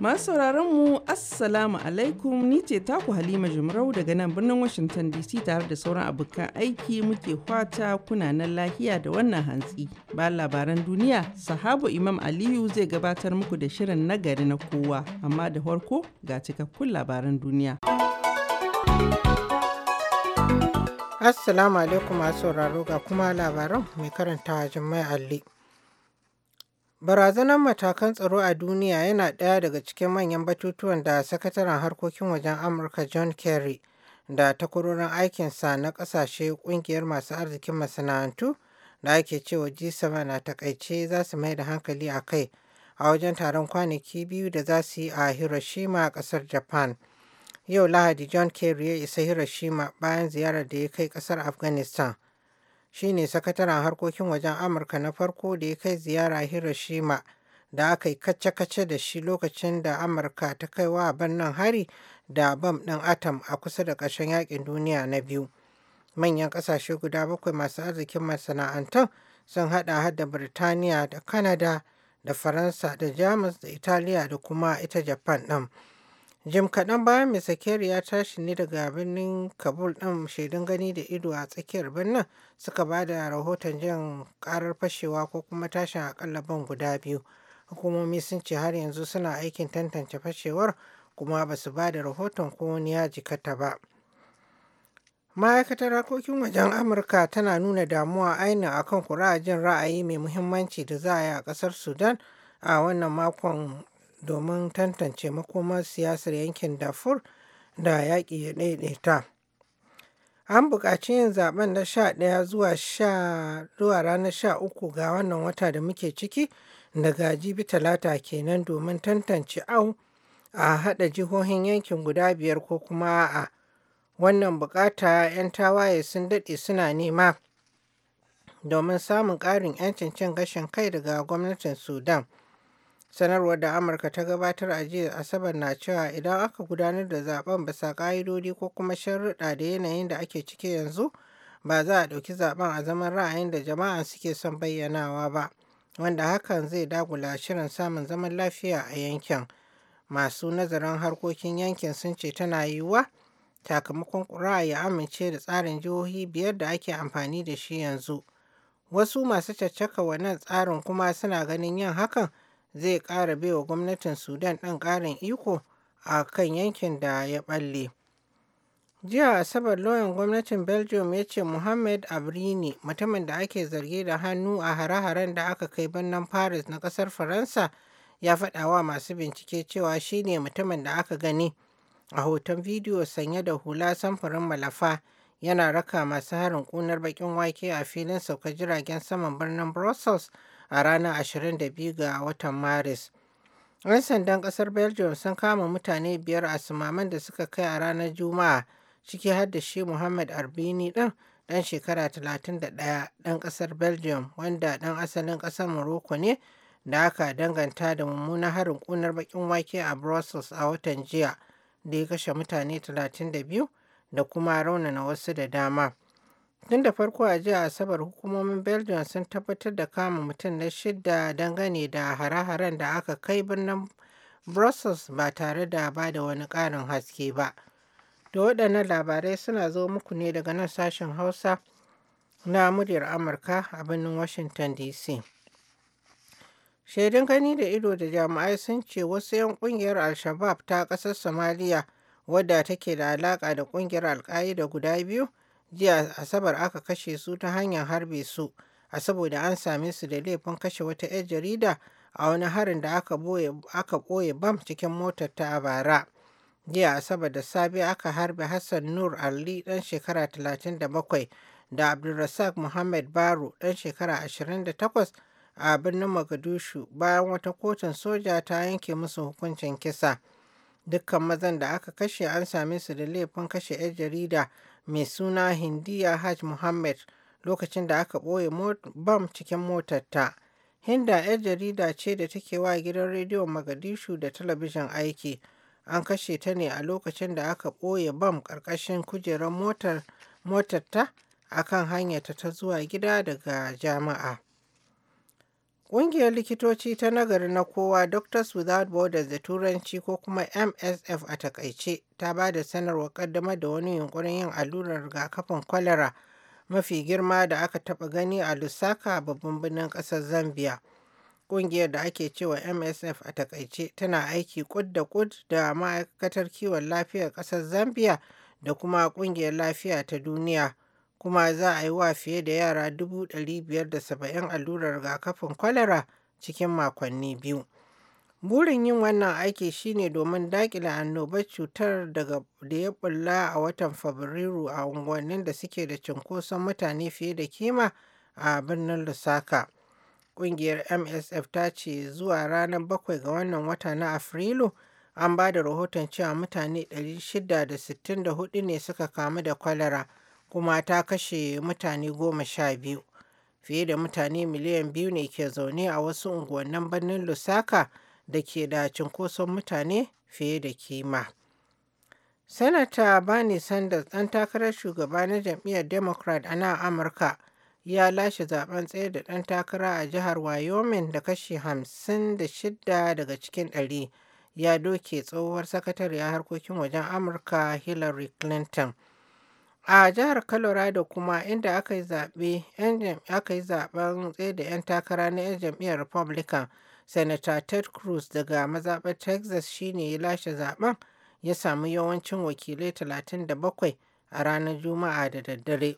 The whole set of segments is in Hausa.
Masu sauraron mu Assalamu alaikum ni ce taku Halima Jumrau daga nan birnin Washington DC tare da sauran abokan aiki muke kwata kuna nan lahiya da wannan hantsi. Ba labaran duniya, sahabu Imam Aliyu zai gabatar muku da shirin nagari na kowa, amma da farko ga cikakkun labaran duniya. Assalamu alaikum masu sauraro ga kuma labaran mai karantawa Jummai Ali. Barazanar matakan tsaro a duniya yana ɗaya daga cikin manyan batutuwan da Sakataren Harkokin Wajen Amurka John Kerry da takwarorin aikinsa na ƙasashe ƙungiyar masu arzikin masana'antu da ake cewa G7 na takaice za su mai da hankali a kai a wajen taron kwanaki biyu da za su yi a Hiroshima ƙasar Japan. Yau Lahadi John Kerry ya isa Hiroshima bayan ziyarar da ya kai ƙasar Afghanistan. shine sakataren harkokin wajen amurka na farko da ya kai ziyara hiroshima da aka yi kace-kace da shi lokacin da amurka ta kai wa birnin hari da bam ɗin atom a kusa da ƙarshen yakin duniya na biyu manyan ƙasashe guda bakwai masu arzikin masana'antar sun hada hada birtaniya da Kanada da faransa da jamus da italiya da kuma ita japan ɗin. Jim kaɗan bayan misakiyar ya tashi ne daga birnin Kabul ɗin shaidun gani da ido a tsakiyar birnin suka ba da rahoton jan karar fashewa ko kuma tashin akalla ban guda biyu. Hukumomi sun ce har yanzu suna aikin tantance fashewar kuma ba su ba da rahoton ko wani ya jikata ba. Ma'aikatar harkokin wajen Amurka tana nuna damuwa ainihin akan kurajin ra'ayi mai muhimmanci da za a yi a ƙasar Sudan a wannan makon domin tantance makoma siyasar yankin Darfur da yaƙi ya ɗaiɗaita. An buƙaci yin zaben na sha ɗaya zuwa zuwa ranar sha uku ga wannan wata da muke ciki daga jibi talata kenan domin tantance au a haɗa jihohin yankin guda biyar ko kuma a. Wannan bukata 'yan tawaye sun daɗe suna nema domin samun ƙarin 'yancin cin gashin kai daga gwamnatin Sudan. sanarwar da amurka ta gabatar a jiya asabar na cewa idan aka gudanar da zaben bisa ka'idodi ko kuma sharuɗa da yanayin da ake ciki yanzu ba za a ɗauki zaben a zaman ra'ayin da jama'a suke son bayyanawa ba wanda hakan zai dagula shirin samun zaman lafiya a yankin masu nazarin harkokin yankin sun ce tana yiwuwa sakamakon ƙura ya amince da tsarin jihohi biyar da ake amfani da shi yanzu wasu masu caccaka wannan tsarin kuma suna ganin yin hakan zai ƙara baiwa gwamnatin Sudan ɗin ƙarin iko a kan yankin da ya ɓalle. Jiya Asabar lauyan gwamnatin Belgium ya ce Mohamed Abrini mutumin da ake zargi da hannu a hare-haren da aka kai birnin Paris na ƙasar Faransa ya faɗa wa masu bincike cewa shi ne mutumin da aka gani a hoton bidiyo sanye da hula samfurin malafa yana raka masu harin ƙunar baƙin wake a filin sauka jiragen saman birnin Brussels a ranar 22 ga watan Maris. 'Yan sandan ƙasar Belgium sun kama mutane biyar a sumaman da suka kai a ranar Juma'a ciki har da shi Muhammad Arbini ɗin ɗan shekara 31 ɗan ƙasar Belgium wanda ɗan asalin ƙasar Morocco ne da aka danganta da mummunan harin kunar baƙin wake a Brussels a watan jiya da ya kashe mutane 32 da kuma raunana wasu da dama. Tun da farko a jiya Asabar hukumomin Belgium sun tabbatar da kama mutum na shida dangane da hare-haren da aka kai birnin Brussels ba tare da ba da wani ƙarin haske ba. Da waɗannan labarai suna zo muku ne daga nan sashen Hausa na muryar Amurka a birnin Washington DC. Shaidun gani da ido da jami'ai sun ce wasu 'yan ƙungiyar al ta ƙasar Somaliya wadda take da alaƙa da ƙungiyar al guda biyu jiya asabar aka kashe su ta hanyar harbe su a saboda an same su da laifin kashe wata 'yar jarida a wani harin da aka ɓoye bam cikin motar ta a bara jiya asabar da safe aka harbe hassan nur ali ɗan shekara 37 da abdulrasak muhammad baro ɗan shekara 28 a birnin Magadushu, bayan wata kotun soja ta yanke musu hukuncin kisa dukkan mazan da aka kashe an same su da laifin kashe 'yar jarida mai suna Hindiya Haj Mohammed lokacin da aka ɓoye bam cikin motarta. Hinda 'yar jarida ce da take wa gidan rediyon Magadishu da talabijin aiki. An kashe ta ne a lokacin da aka ɓoye bam ƙarƙashin kujerar motar motarta a kan hanyarta ta zuwa gida daga jama'a. Ƙungiyar likitoci ta nagari na kowa Doctors Without Borders da Turanci ko kuma MSF a takaice ta ba da sanarwa ƙaddamar da wani yunkurin yin allurar rigakafin kwalara mafi girma da aka taɓa gani a Lusaka babban birnin ƙasar Zambia. Ƙungiyar da ake cewa MSF a takaice tana aiki kud da kud da ma'aikatar kiwon lafiyar ƙasar Zambia da kuma ƙungiyar lafiya ta duniya kuma za a yi wa fiye da yara 570,000 allurar rigakafin kwalara cikin makonni biyu. Burin yin wannan aiki shine domin dakile annobar cutar daga da ya bulla a watan Fabrairu a unguwannin da suke da cunkoson mutane fiye da kima a birnin Lusaka. Ƙungiyar MSF ta ce zuwa ranar bakwai ga wannan wata na Afrilu an ba da rahoton cewa mutane 664 ne suka kamu da kwalara. kuma ta kashe mutane goma sha biyu fiye da mutane miliyan biyu ne ke zaune a wasu unguwannin birnin lusaka da ke da cinkoson mutane fiye da kima sanata bernie sanders ɗan takarar shugaba na jam'iyyar democrat a nan amurka ya lashe zaben tsaye da ɗan takara a jihar wyoming da kashi hamsin da 56 daga cikin ɗari, ya doke tsohuwar sakatariyar harkokin wajen amurka hillary clinton A jihar Colorado kuma inda aka yi zaɓe, aka yi zaɓen da 'yan takara na 'yan jam'iyyar Republican, senator Ted Cruz daga mazaɓar Texas shine ya lashe zaɓen, ya samu yawancin wakilai 37 a ranar Juma'a da daddare.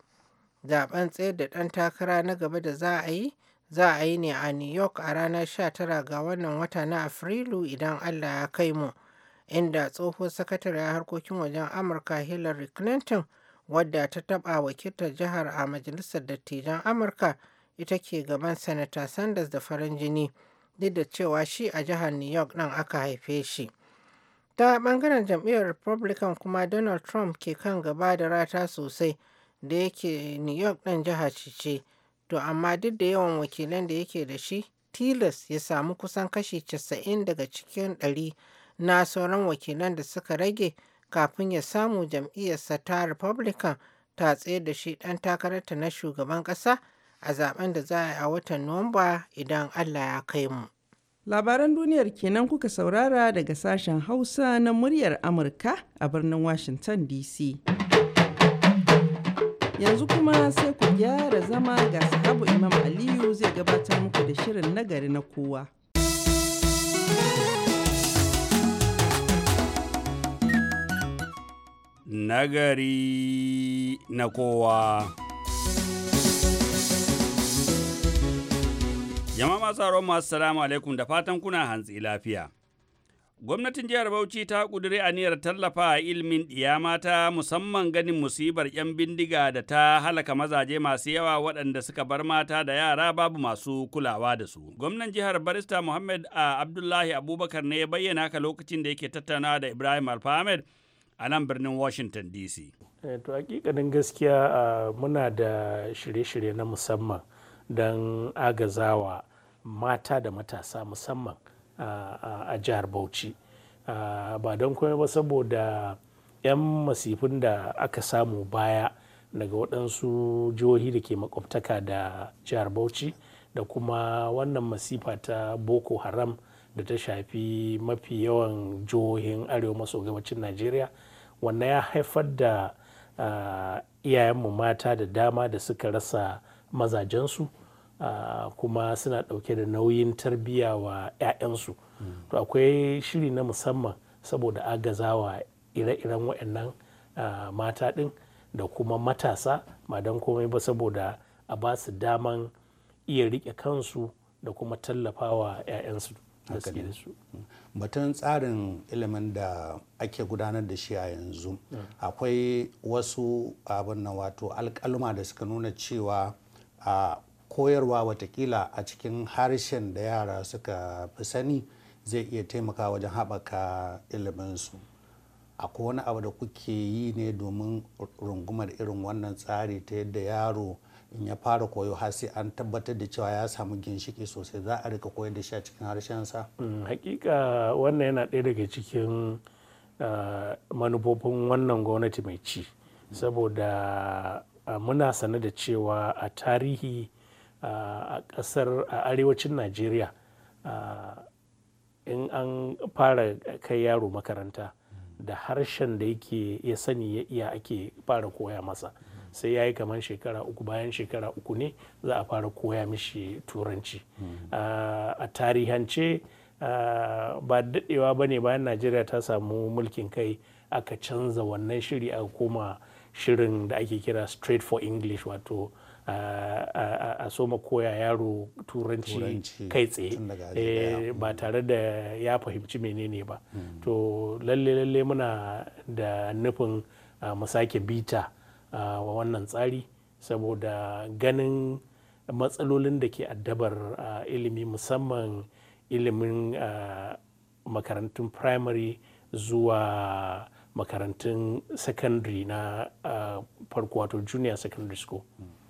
Zaɓen tsaye da ɗan takara na gaba da za a yi, za a yi ne a New York a ranar 19 ga wannan wata na Afrilu idan Allah ya kai mu, inda tsohon sakatare harkokin wajen Amurka Hillary Clinton wadda ta taɓa wakiltar jihar a majalisar dattijan amurka ita ke gaban sanata sanders da farin jini duk da cewa shi a jihar new york ɗin aka haife shi ta bangaren jam'iyyar republican kuma donald trump ke kan gaba da rata sosai da yake new york ɗin jiha ce to amma duk da yawan wakilan da yake da shi tilas ya samu kusan kashi 90 daga cikin 100 na sauran wakilan da suka rage kafin ya samu jam'iyyarsa ta Republican ta tsaye da shi ɗan takararta na shugaban ƙasa a zaben da za a yi a watan Nuwamba idan Allah ya kai mu. Labaran duniyar kenan kuka saurara daga sashen Hausa na muryar Amurka a birnin Washington DC. Yanzu kuma sai ku gyara zama ga sahabu Imam Aliyu zai gabatar muku da shirin nagari na kowa. nagari na kowa. Jama'a masu masu salamu alaikum da fatan kuna hantsi lafiya. Gwamnatin jihar Bauchi ta ƙudiri aniyar tallafa a ilimin mata musamman ganin musibar 'yan bindiga da ta halaka mazaje masu yawa waɗanda suka bar mata da yara babu masu kulawa da su. Gwamnan jihar Barista Muhammad a ah, Abdullahi Abubakar ne ya bayyana ka lokacin da yake tattaunawa da Ibrahim Alfahamed a nan birnin Washington DC. Eh, to hakikanin gaskiya ah, muna da shirye-shirye na musamman don agazawa mata da matasa musamman ah, ah, a jihar Bauchi. Ba don kuma ba saboda 'yan masifin da aka samu baya daga waɗansu jihohi da ke makwabtaka da jihar Bauchi da kuma wannan masifa ta Boko Haram da ta shafi mafi yawan jihohin arewa maso gabacin Najeriya. wannan ya haifar da iyayenmu mata da dama da suka rasa mazajensu kuma suna ɗauke da nauyin tarbiyya wa 'ya'yansu to akwai shiri na musamman saboda agazawa ire-iren waɗannan mata ɗin da kuma matasa ba don komai ba saboda a ba su daman iya rike kansu da kuma tallafawa 'ya'yansu Mm, batun tsarin ilimin da ake gudanar da shi a yanzu akwai wasu abin na wato alkalma da suka nuna cewa a koyarwa watakila a cikin harshen da yara suka fi sani zai iya taimaka wajen haɓaka iliminsu akwai wani abu da kuke yi ne domin rungumar irin wannan tsari ta yadda yaro in ya fara koyo har sai an tabbatar da cewa ya samu ginshiki sosai za a rika koyar da shi a cikin harshensa. Hmm, hakika wannan yana ɗaya daga cikin ah, manufofin wannan gwamnati mai ci saboda ah, muna sane da cewa a tarihi ah, a ƙasar a arewacin najeriya in an fara kai yaro makaranta da harshen da yake ya sani ya iya ake fara koya masa. Mm. sai ya yi kamar shekara uku bayan shekara uku ne za a fara koya mishi turanci hmm. ah, a tarihance ah, ba daɗewa ba ne bayan najeriya ta samu mulkin kai aka canza wannan shiri aka koma shirin da ake kira straight for english wato ah, a soma koya yaro turanci kai tsaye eh, ba hmm. tare da ya fahimci menene ba hmm. to lalle lalle muna da nufin mu sake bita wa wannan tsari saboda ganin matsalolin da ke addabar ilimi musamman ilimin makarantun primary zuwa makarantun secondary na farko wato junior secondary school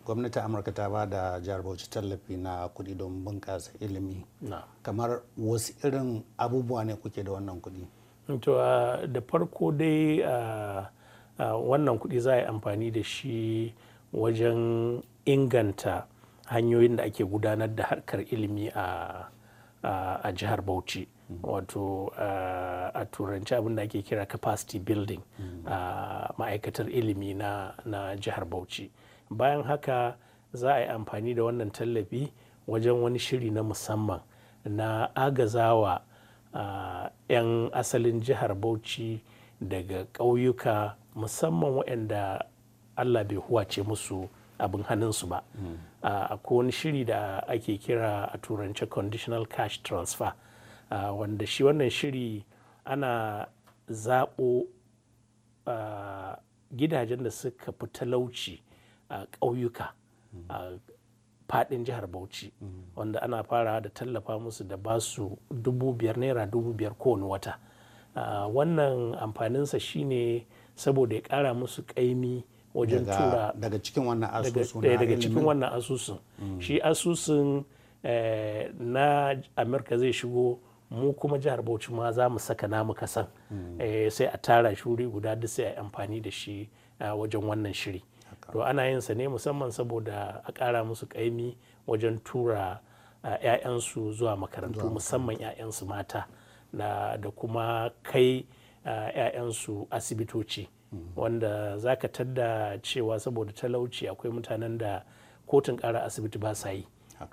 gwamnati amurka ta ba da jihar bauchi tallafi na kudi don bunkasa ilimi kamar wasu irin abubuwa ne kuke da wannan kudi da farko dai wannan kuɗi za a yi amfani da shi wajen inganta hanyoyin da ake gudanar da harkar ilimi a, a, jihar bauchi mm. wato a turanci abin da ake kira capacity building mm. a ma'aikatar ilimi na jihar bauchi bayan haka za a yi amfani da wannan tallafi wajen wani shiri na musamman na agazawa 'yan asalin jihar bauchi daga ƙauyuka musamman waɗanda allah bai huwace musu abin hannunsu ba mm. a ah, akwai wani shiri da ake kira a turance conditional cash transfer ah, wanda shi wannan shiri ana zaɓo ah, gidajen da suka fi talauci a ƙauyuka mm. a faɗin jihar bauchi mm. wanda ana fara da tallafa musu da basu dubu biyar naira dubu biyar kowane wata wannan amfaninsa shine saboda ya kara musu kaimi wajen tura daga cikin wannan asusun daga cikin wannan asusun mm. shi asusun eh, na amurka zai shigo mu kuma jihar bauchi ma za mu saka namu kasan mm. eh, sai a tara shuri guda da sai a amfani da shi wajen wannan shiri to ana yin sa ne musamman saboda a kara musu kaimi wajen tura 'ya'yansu zuwa makarantu musamman 'ya'yansu mata na da kuma kai 'ya'yansu eh, asibitoci wanda za ka tadda cewa saboda talauci akwai mutanen da kotun ƙara asibiti ba sa yi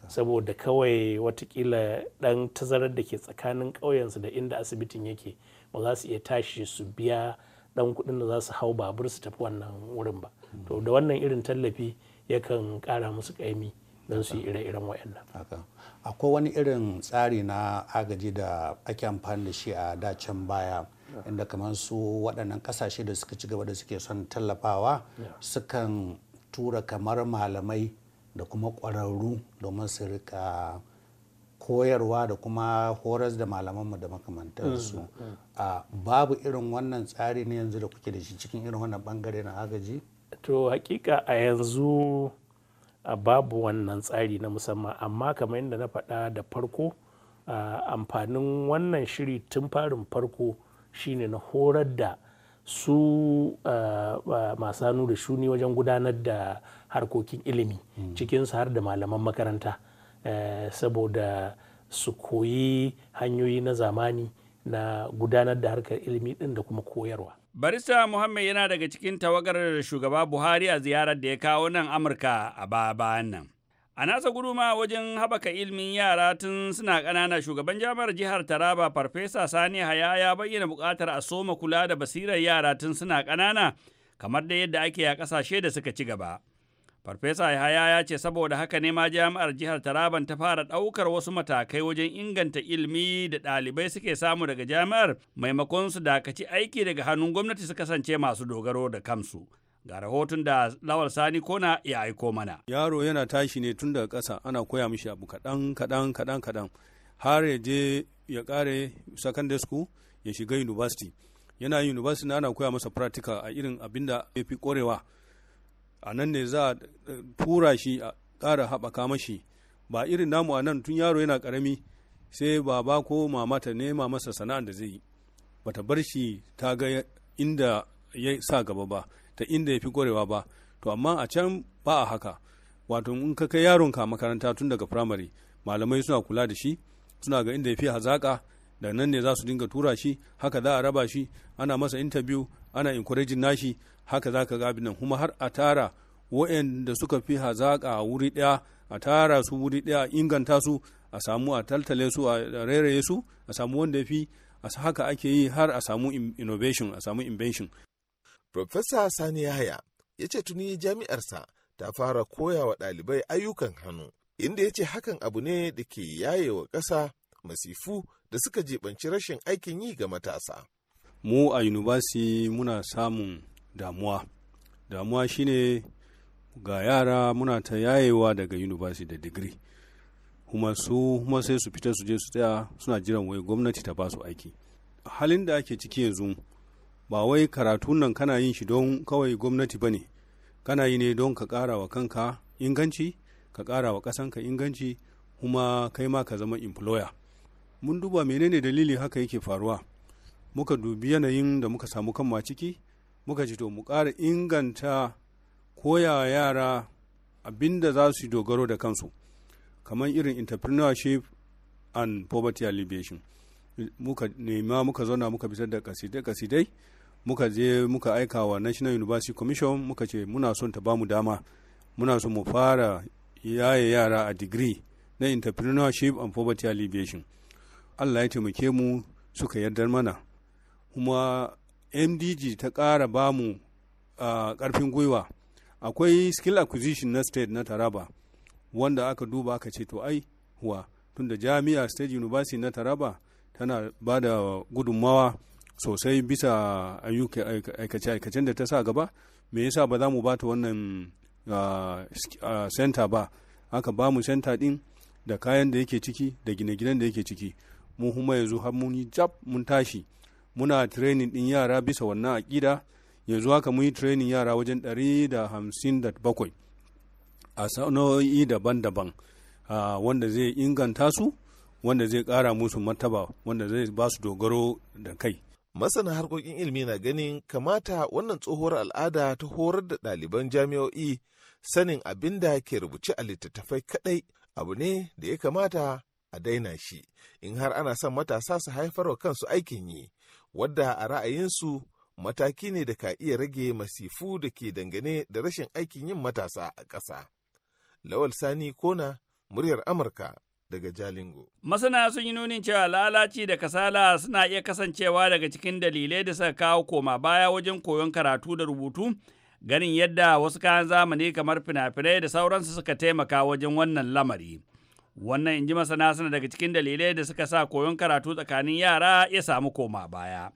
saboda kawai watakila ɗan tazarar da ke tsakanin ƙauyensu da inda asibitin yake ba za su iya tashi su biya ɗan kuɗin da za su hau babur su tafi wannan wurin ba to da wannan irin tallafi yakan ƙara musu ƙaimi don su yi ire-iren wayannan akwai wani irin tsari na agaji da ake amfani da shi a dacen baya inda kamar su waɗannan ƙasashe da suka ci gaba da suke son tallafawa sukan tura kamar malamai da kuma ƙwararru domin su rika koyarwa da kuma horas da malamanmu da makamantarsu mm, mm. babu irin wannan tsari ne yanzu da kuke da shi cikin irin wannan bangare na agaji to hakika a yanzu babu wannan tsari na musamman amma kamar yadda na faɗa da farko amfanin wannan shiri tun farin farko shine na horar da su masu hannu da shuni wajen gudanar da harkokin ilimi hmm. cikinsu har da malaman makaranta eh, saboda su koyi hanyoyi na zamani na gudanar da harkar ilimi ɗin da kuma koyarwa Barista Muhammad yana daga cikin tawagar shugaba Buhari a ziyarar da ya kawo nan Amurka a baya nan. A nasa guduma wajen haɓaka ilimin yara tun suna ƙanana shugaban jami'ar jihar Taraba Farfesa Sani Haya ya bayyana buƙatar a soma kula da basirar yara tun suna ƙanana kamar da yadda ake a ƙasashe da suka ci gaba. Farfesa Yahaya ya ce saboda haka ne ma jami'ar jihar Taraban ta fara ɗaukar wasu matakai wajen inganta ilimi da ɗalibai suke samu daga jami'ar maimakon su dakaci aiki daga hannun gwamnati su kasance masu dogaro da kansu. Ga rahoton da Lawal Sani Kona ya aiko mana. Yaro yana tashi ne tun daga ƙasa ana koya mishi abu kaɗan kaɗan kaɗan kaɗan har ya je ya ƙare secondary school ya shiga university. Yana university ana koya masa practical a irin abinda ya fi ƙorewa. a nan ne za a tura eh, shi a ƙara haɓaka mashi ba irin namu a nan tun yaro yana ƙarami sai baba ko mama ta nema masa sana'ar da zai yi ba ta bar shi ta ga inda ya sa gaba ba ta inda ya fi ƙwarewa ba to amma a can ba a haka wato in ka kai yaronka makaranta tun daga firamare malamai suna kula da shi suna ga inda ya fi hazaƙa da nan ne za su dinga tura shi haka za a raba shi ana masa interview ana encouraging nashi haka za ka ga abin nan kuma har a tara waɗanda suka fi hazaƙa a wuri ɗaya a tara su wuri ɗaya inganta su a samu a taltale su a rairaye su a samu wanda ya fi a haka ake yi har a samu innovation a samu invention. Profesa Sani Yahaya ya ce tuni jami'arsa ta fara koya wa ɗalibai ayyukan hannu inda ya ce hakan abu ne da ke yaye wa ƙasa masifu da suka jibanci rashin aikin yi ga matasa. Mu a Yunibasi muna samun damuwa. Damuwa shine ga yara muna ta yayewa daga Yunibasi da digiri. Kuma su kuma sai su fita su je su tsaya suna jiran wai gwamnati ta ba su aiki. Halin da ake ciki yanzu ba wai karatun nan kana yin shi don kawai gwamnati ba ne. Kana yi ne don ka ƙara wa kanka inganci, ka ƙara wa ƙasanka inganci, kuma kai ma ka zama employer mun duba menene dalilin haka yake faruwa muka dubi yanayin da muka samu kanmu a ciki muka ci to mu ƙara inganta koya yara abinda da za su dogaro da kansu kamar irin entrepreneurship and poverty alleviation muka nema muka zauna muka fitar da kasidai-kasidai muka je muka aika wa national university commission muka ce muna son ta bamu dama muna son mu fara yaye yara a digiri na entrepreneurship and poverty alleviation allah ya taimake mu suka yardar mana kuma mdg ta ƙara ba mu ƙarfin gwiwa akwai skill acquisition na state na taraba wanda aka duba aka ce to ai wa tunda jami'a state university na taraba tana ba da gudunmawa sosai bisa aikace-aikacen da ta sa gaba me yasa ba za mu ba ta wannan center ba aka ba mu center din da kayan da yake ciki da gine-ginen da yake ciki mu kuma yanzu har mun jab mun tashi muna training din yara bisa wannan aƙida yanzu haka mun yi training yara wajen 157 a sanoyi daban-daban wanda zai inganta su wanda zai ƙara musu mataba wanda zai ba su dogaro da kai masana harkokin ilimi na ganin kamata wannan tsohuwar al'ada ta horar da ɗaliban jami'o'i sanin abinda ke rubuce a littattafai kaɗai abu ne da ya kamata a daina shi in har ana son matasa su haifar wa kansu aikin yi wadda a ra'ayinsu mataki ne da ka iya rage masifu da ke dangane da rashin aikin yin matasa a ƙasa. Lawal Sani Kona, muryar Amurka daga Jalingo. Masana sun yi nunin cewa lalaci da kasala suna iya kasancewa daga cikin dalilai da suka kawo koma baya wajen koyon karatu da rubutu, ganin yadda wasu kayan zamani kamar fina-finai da sauransu suka taimaka wajen wannan lamari. Wannan in ji masana suna daga cikin dalilai da suka sa koyon karatu tsakanin yara ya samu koma baya.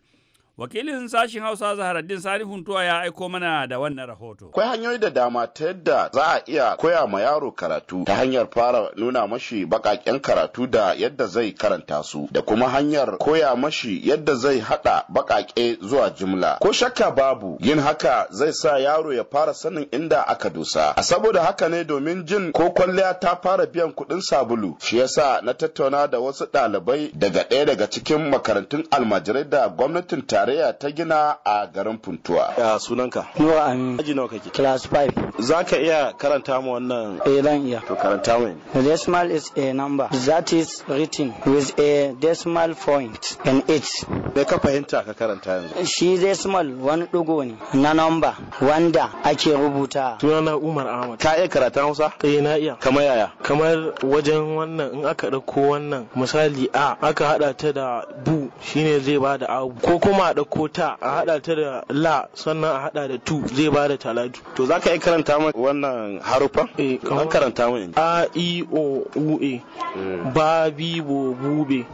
Wakilin sashen Hausa Zaharaddin Sani Huntuwa ya aiko mana da wannan rahoto. Akwai hanyoyi da dama ta yadda za a iya koya ma yaro karatu ta hanyar fara nuna mashi bakaken karatu da yadda zai karanta su da kuma hanyar koya mashi yadda zai hada bakake zuwa jumla. Ko shakka babu yin haka zai sa yaro ya fara sanin inda aka dosa. A saboda haka ne domin jin ko kwalliya ta fara biyan kuɗin sabulu. Shi yasa na tattauna da wasu ɗalibai daga ɗaya daga cikin makarantun almajirai da gwamnatin ta tarayya ta gina a garin Funtuwa. Ya sunanka? Nuwa Amin. Aji nawa kake? Class 5. Za ka iya karanta mu wannan? Eh zan iya. To karanta mu. The decimal is a number that is written with a decimal point and it. Me ka fahimta ka karanta yanzu? Shi decimal wani ɗigo ne na number wanda ake rubuta. Sunana Umar Ahmad. Ka iya karanta Hausa? Eh na iya. Kamar yaya? Kamar wajen wannan in aka ɗauko wannan misali A aka haɗa ta da bu shine zai ba da abu ko kuma a ko ta a haɗa ta da la sannan a haɗa da tu zai ba da talatu. To za ka iya karanta min wannan harufa? Eh, kamar. karanta min. A I O U E. Hmm. Ba bi bo bube.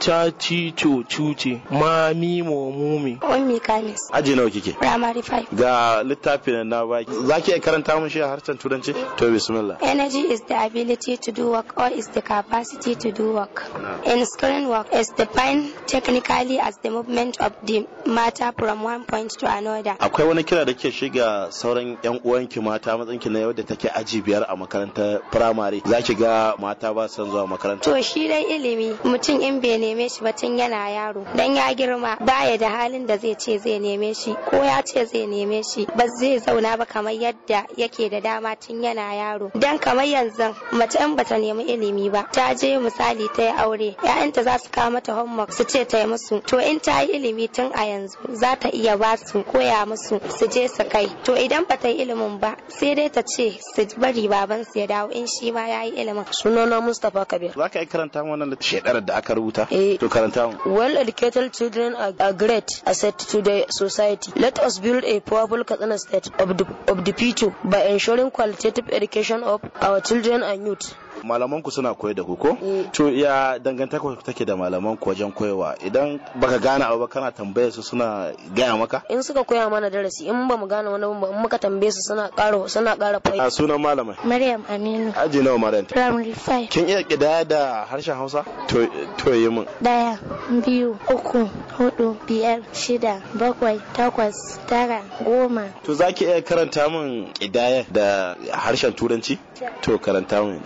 Ta eh. ci co cuce. Ma mi mo mume. Ummi Kalis. Aji nawa kike? Primary five. Ga littafin na baki. Za ki iya karanta min shi a harshen Turanci? To bismillah. Energy is the ability to do work or is the capacity to do work. In screen work is defined technically as the movement of the mata from one point to another. Akwai wani kira da ke shiga sauran 'yan uwanki mata matsinki na yau da take aji biyar a makarantar firamare za ki ga mata ba san zuwa makaranta. To shi dan ilimi mutum in bai neme shi ba tun yana yaro dan ya girma baya da halin da zai ce zai neme shi ko ya ce zai neme shi ba zai zauna ba kamar yadda yake da dama tun yana yaro dan kamar yanzu mace in bata nemi ilimi ba ta je misali ta yi aure 'ya'yanta za su kawo mata homework su ce ta yi musu to in ta yi ilimi tun a yanzu za ta iya ba su koya musu su je su kai to idan ba ta yi ilimin ba sai dai ta ce su bari baban su ya dawo in shi ma ya yi ilimin sunana mustapha kabir za ka yi karanta wannan shekarar da aka rubuta eh. to karanta mu well educated children are great asset to the society let us build a powerful katsina state of the, of the future by ensuring qualitative education of our children and youth malaman ku suna koyar da ku ko eh. to ya dangantaka take da malaman ku wajen koyawa, idan baka gane abu ba kana tambaye su suna gaya maka in suka koya mana darasi in ba mu gane wani ba in muka tambaye su suna ƙara suna kara fahimta a sunan malamai. Maryam Aminu aji nawa Maryam primary five kin iya kidaya da harshen Hausa to to yi min daya biyu uku hudu biyar shida bakwai takwas tara goma to zaki iya karanta min kidaya da harshen turanci To karanta mu.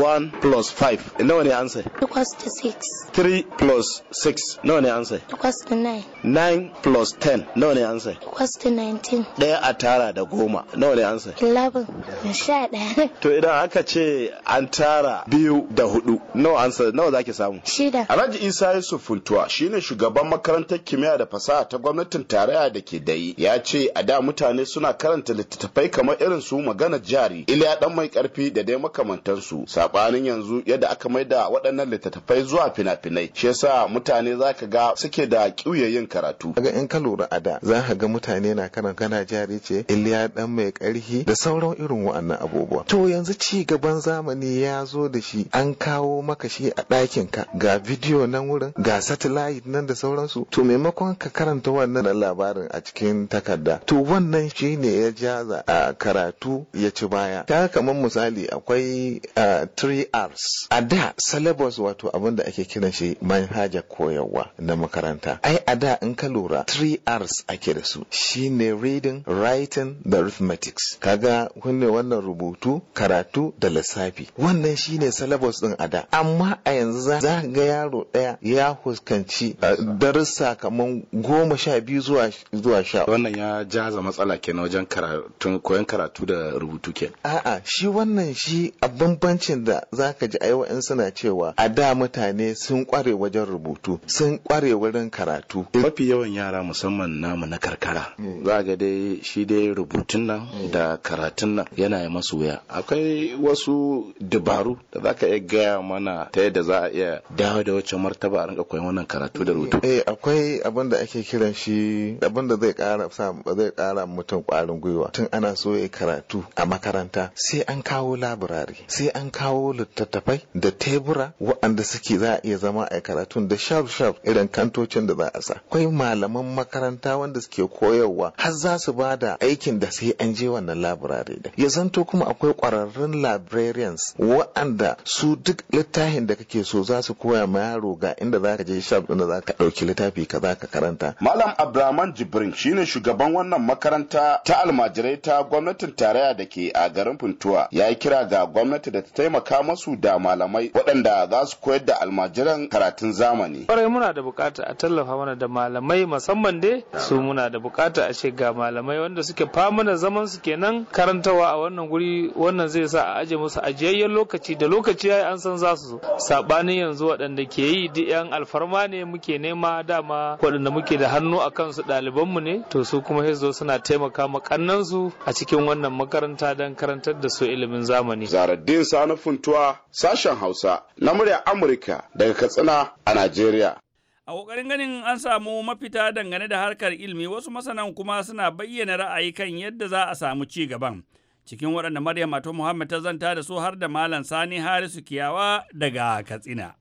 One, plus five. Nawa ne ansa? Equals to six. Three plus six. Nawa ne ansa? Equals to nine. Nine plus ten. Nawa ne ansa? Equals to nineteen. Ɗaya a tara da goma. Nawa ne ansa? Eleven. Sha ɗaya. To idan aka ce an tara biyu da hudu. Nawa ansa? Nawa zaki samu? Shida. Alhaji Isa Yusuf Funtuwa shine shugaban makarantar kimiyya da fasaha ta gwamnatin tarayya da ke dai. ya ce a da mutane suna karanta littattafai kamar irin su magana jari iliya dan mai karfi da dai makamantansu sabanin yanzu yadda aka maida waɗannan littattafai zuwa fina-finai shi yasa mutane zaka ga suke da ƙiuyayin karatu daga in ka lura a da za ka ga mutane na karanta kana jari ce iliya dan mai karfi da sauran irin waɗannan abubuwa to yanzu ci gaban zamani ya zo da shi an kawo maka shi a ɗakin ka ga bidiyo nan wurin ga satellite nan da sauransu to maimakon ka karanta wannan labarin a cikin takarda to wannan shine ya jaza a karatu ya ci baya ta kamar misali akwai 3Rs a da syllabus wato abin da ake kiran shi manhaja koyarwa na makaranta ai a da in ka lura 3Rs ake da su shine reading writing da arithmetics kaga kunne wannan rubutu karatu da lissafi wannan shine syllabus din a da amma a yanzu za ga yaro daya ya huskanci darussa kamar goma sha biyu zuwa sha wannan ya jaza matsala kenan wajen karatu koyon karatu da rubutu ke a'a shi wannan shi a bambancin da zaka ji ayi wa'in suna cewa a da mutane sun kware wajen rubutu sun kware wurin karatu mafi yawan yara musamman namu na karkara hmm. za ga dai shi dai rubutun nan hmm. da karatun nan yana yi masu wuya akwai wasu dabaru da zaka iya gaya mana ta yadda za a iya dawo da wacce martaba a rinka koyon wannan karatu da rubutu eh akwai abin da ake kiran shi abin da zai kara sa ba zai kara mutum kwarin gwiwa tun ana so ya karatu a makaranta sai an kawo laburare sai an kawo littattafai da tebura waɗanda suke za a iya zama a karatu da sharp sharp irin kantocin da za a sa akwai malaman makaranta wanda suke koyarwa har za su ba da aikin da sai an je wannan laburare da ya zanto kuma akwai kwararrun librarians waɗanda su duk littafin da kake so za su koya ma yaro ga inda za ka je sharp inda za ka ɗauki littafi ka za ka karanta malam abdulrahman jibrin shine shugaban shugaban wannan makaranta ta almajirai ta gwamnatin tarayya da ke a garin Funtuwa ya yi kira ga gwamnati da ta taimaka masu da malamai waɗanda za su koyar da almajiran karatun zamani. Kwarai muna da bukata a tallafa mana da malamai musamman dai su muna da bukata a ce ga malamai wanda suke fama da zaman su kenan karantawa a wannan guri wannan zai sa a aje musu ajiyayyen lokaci da lokaci ya an san za su zo. Saɓanin yanzu waɗanda ke yi duk 'yan alfarma ne muke nema dama waɗanda muke da hannu a kansu mu ne to su kuma hezo suna taimaka ma su a cikin wannan makaranta don karantar da su ilimin zamani zaraddin sani funtuwa sashen hausa na murya amurka daga katsina a najeriya a ƙoƙarin ganin an samu mafita dangane da harkar ilimi wasu masanan kuma suna bayyana ra'ayi kan yadda za a samu ci gaban cikin waɗanda maryam mato muhammad ta zanta da su har da malam sani harisu kiyawa daga katsina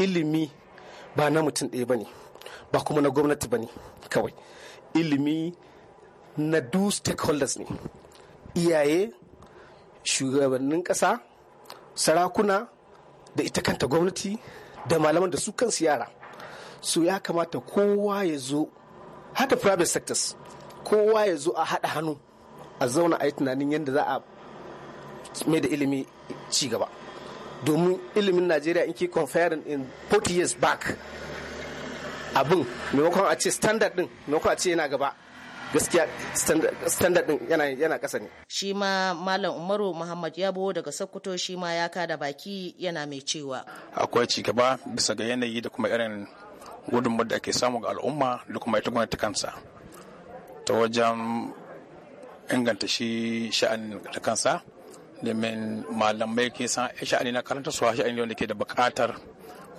ilimi ba na mutum ɗaya ba ne ba kuma na gwamnati ba ne kawai ilimi na du stakeholders ne iyaye shugabannin ƙasa sarakuna da ita kanta gwamnati da malaman da su kansu yara so ya kamata kowa ya zo haka private sectors kowa ya zo a haɗa hannu a zauna a yi tunanin yadda za a mai da ilimi ci gaba domin ilimin najeriya in ke comparing in 40 years back abin maimakon a ce standard din maimakon a ce yana gaba gaskiya standard din yana yana kasa ne shi ma malam umaru muhammad yabo daga sokoto shi ma ya kada baki yana mai cewa akwai ci gaba bisa ga yanayi da kuma irin gudunmawar da ake samu ga al'umma da kuma ita gwamnati kansa ta wajen inganta shi sha'ani da kansa domin malamai ke san sha'ani na karanta suwa sha'ani wanda ke da bukatar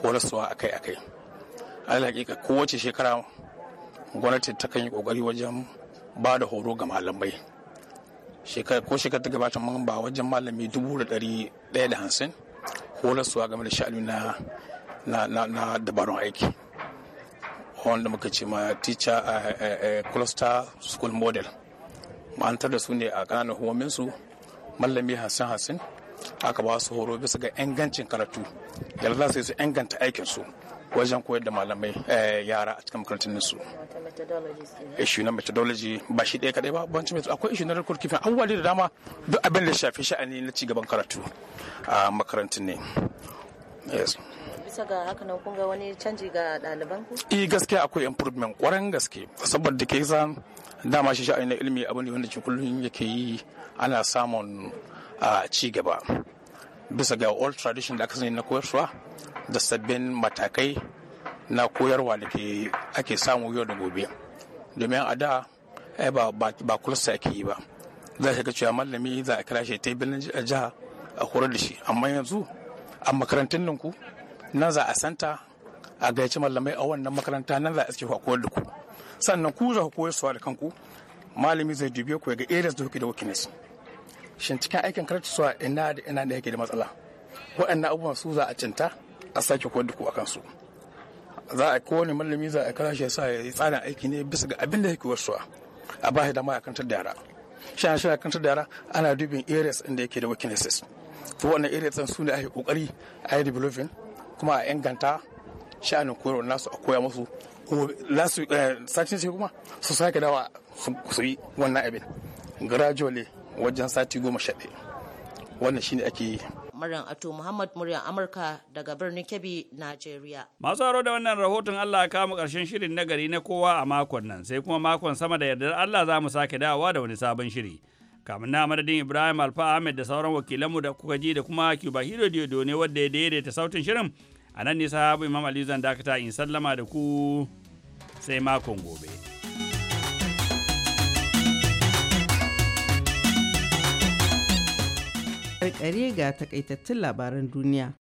horaswa akai-akai alhaƙiƙa kowace shekara gwamnati ta kan yi ƙoƙari wajen ba da horo ga malamai ko shekara ta gabata mun ba wajen malami dubu da ɗari ɗaya da hamsin horarsuwa game da sha'ani na na dabarun aiki wanda muka ce ma teacher a eh, eh, eh, cluster school model ma'antar da su ne a ƙananan su mallami hansin hansin aka ba su horo bisa ga ingancin karatu yadda za su inganta aikin su wajen koyar da malamai eh, yara a cikin makarantunan su Ishu na methodology ba shi ɗaya kaɗai ba bancin methodology akwai ishu na record keeping abubuwa da dama duk abin da shafi sha'ani na cigaban karatu a makarantun ne yes bisa ga haka na kun ga wani canji ga ɗaliban ku? Eh gaskiya akwai improvement ƙwarar gaske saboda ke san dama shi sha'ani na ilimi abin da wanda cikin kullum yake yi ana samun ah, ci gaba. bisa ga old tradition da aka sani na koyarwa da sabbin matakai na koyarwa da ake samu yau da gobe domin a da ba ba kulsa ake yi ba za ka ga cewa mallami za a kira shi tebilin jiha a horar da shi amma yanzu a makarantun ninku ku nan za a santa a gaici mallamai a wannan makaranta nan za a iske ku koyar da ku sannan ku za ku koyar da kanku malami zai dubiya ku ga areas da kuke da wakilinsu shin cikin aikin karatuwa ina da ina da yake da matsala waɗannan abubuwan su za a cinta a sake ko da akan su za a kowane malami za a kira shi sa ya yi tsarin aiki ne bisa ga abin da yake wasuwa a ba shi dama ya kantar da yara shi na shirya kantar da yara ana dubin areas inda yake da weaknesses to wannan areas ɗin su ne ake kokari a yi developing kuma a inganta sha'anin koyarwa nasu a koya musu eh, sacin sai kuma su sake dawa su yi wannan abin gradually wajen sati goma sha ɗaya wannan shine ake yi Maryam Ato Muhammad muryar Amurka daga birnin Kebbi, Najeriya. Masu haro da wannan rahoton Allah ka mu karshen shirin nagari na kowa a makon nan sai kuma makon sama da yardar Allah za mu sake dawowa da wani sabon shiri. Kamun na madadin Ibrahim Alfa Ahmed da sauran wakilanmu da kuka ji da kuma Cuba Hiro Diodo ne wadda ya daidaita sautin shirin. A nan ne sahabu Imam Ali zan dakata in sallama da ku sai makon gobe. karkare ga takaitattun labaran duniya.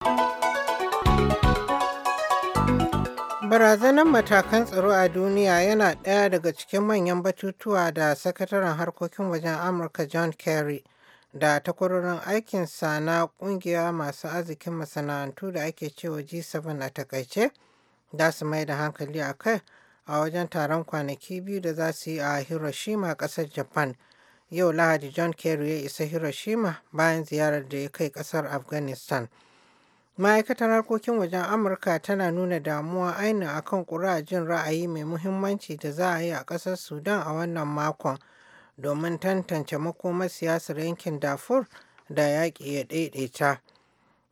Barazanar matakan tsaro a duniya yana ɗaya daga cikin manyan batutuwa da sakataren harkokin wajen Amurka John Kerry da takwarorin aikinsa na ƙungiya masu arzikin masana'antu da ake cewa G7 a takaice da su mai da hankali a kai a wajen taron kwanaki biyu da za su yi a Hiroshima ƙasar Japan. yau lahadi john kerry ya isa hiroshima bayan ziyarar da ya kai kasar afghanistan ma'aikatar harkokin wajen amurka tana nuna damuwa aini akan jin ra'ayi mai muhimmanci da za a yi a ƙasar sudan a wannan makon domin tantance makomar siyasar yankin darfur da yaƙi ya daidaita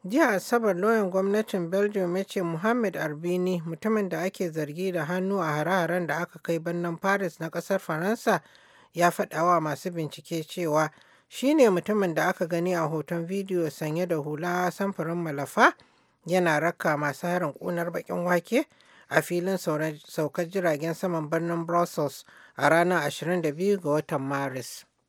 jiya asabar lauyan gwamnatin belgium ya ce muhammad arbini mutumin da ake zargi da hannu a hare-haren da aka kai birnin paris na ƙasar faransa ya faɗawa masu bincike cewa shi ne mutumin da aka gani a hoton bidiyo sanye da hula samfurin malafa yana raka masu harin ƙunar baƙin wake a filin saukar jiragen saman birnin brussels a ranar 22 ga watan maris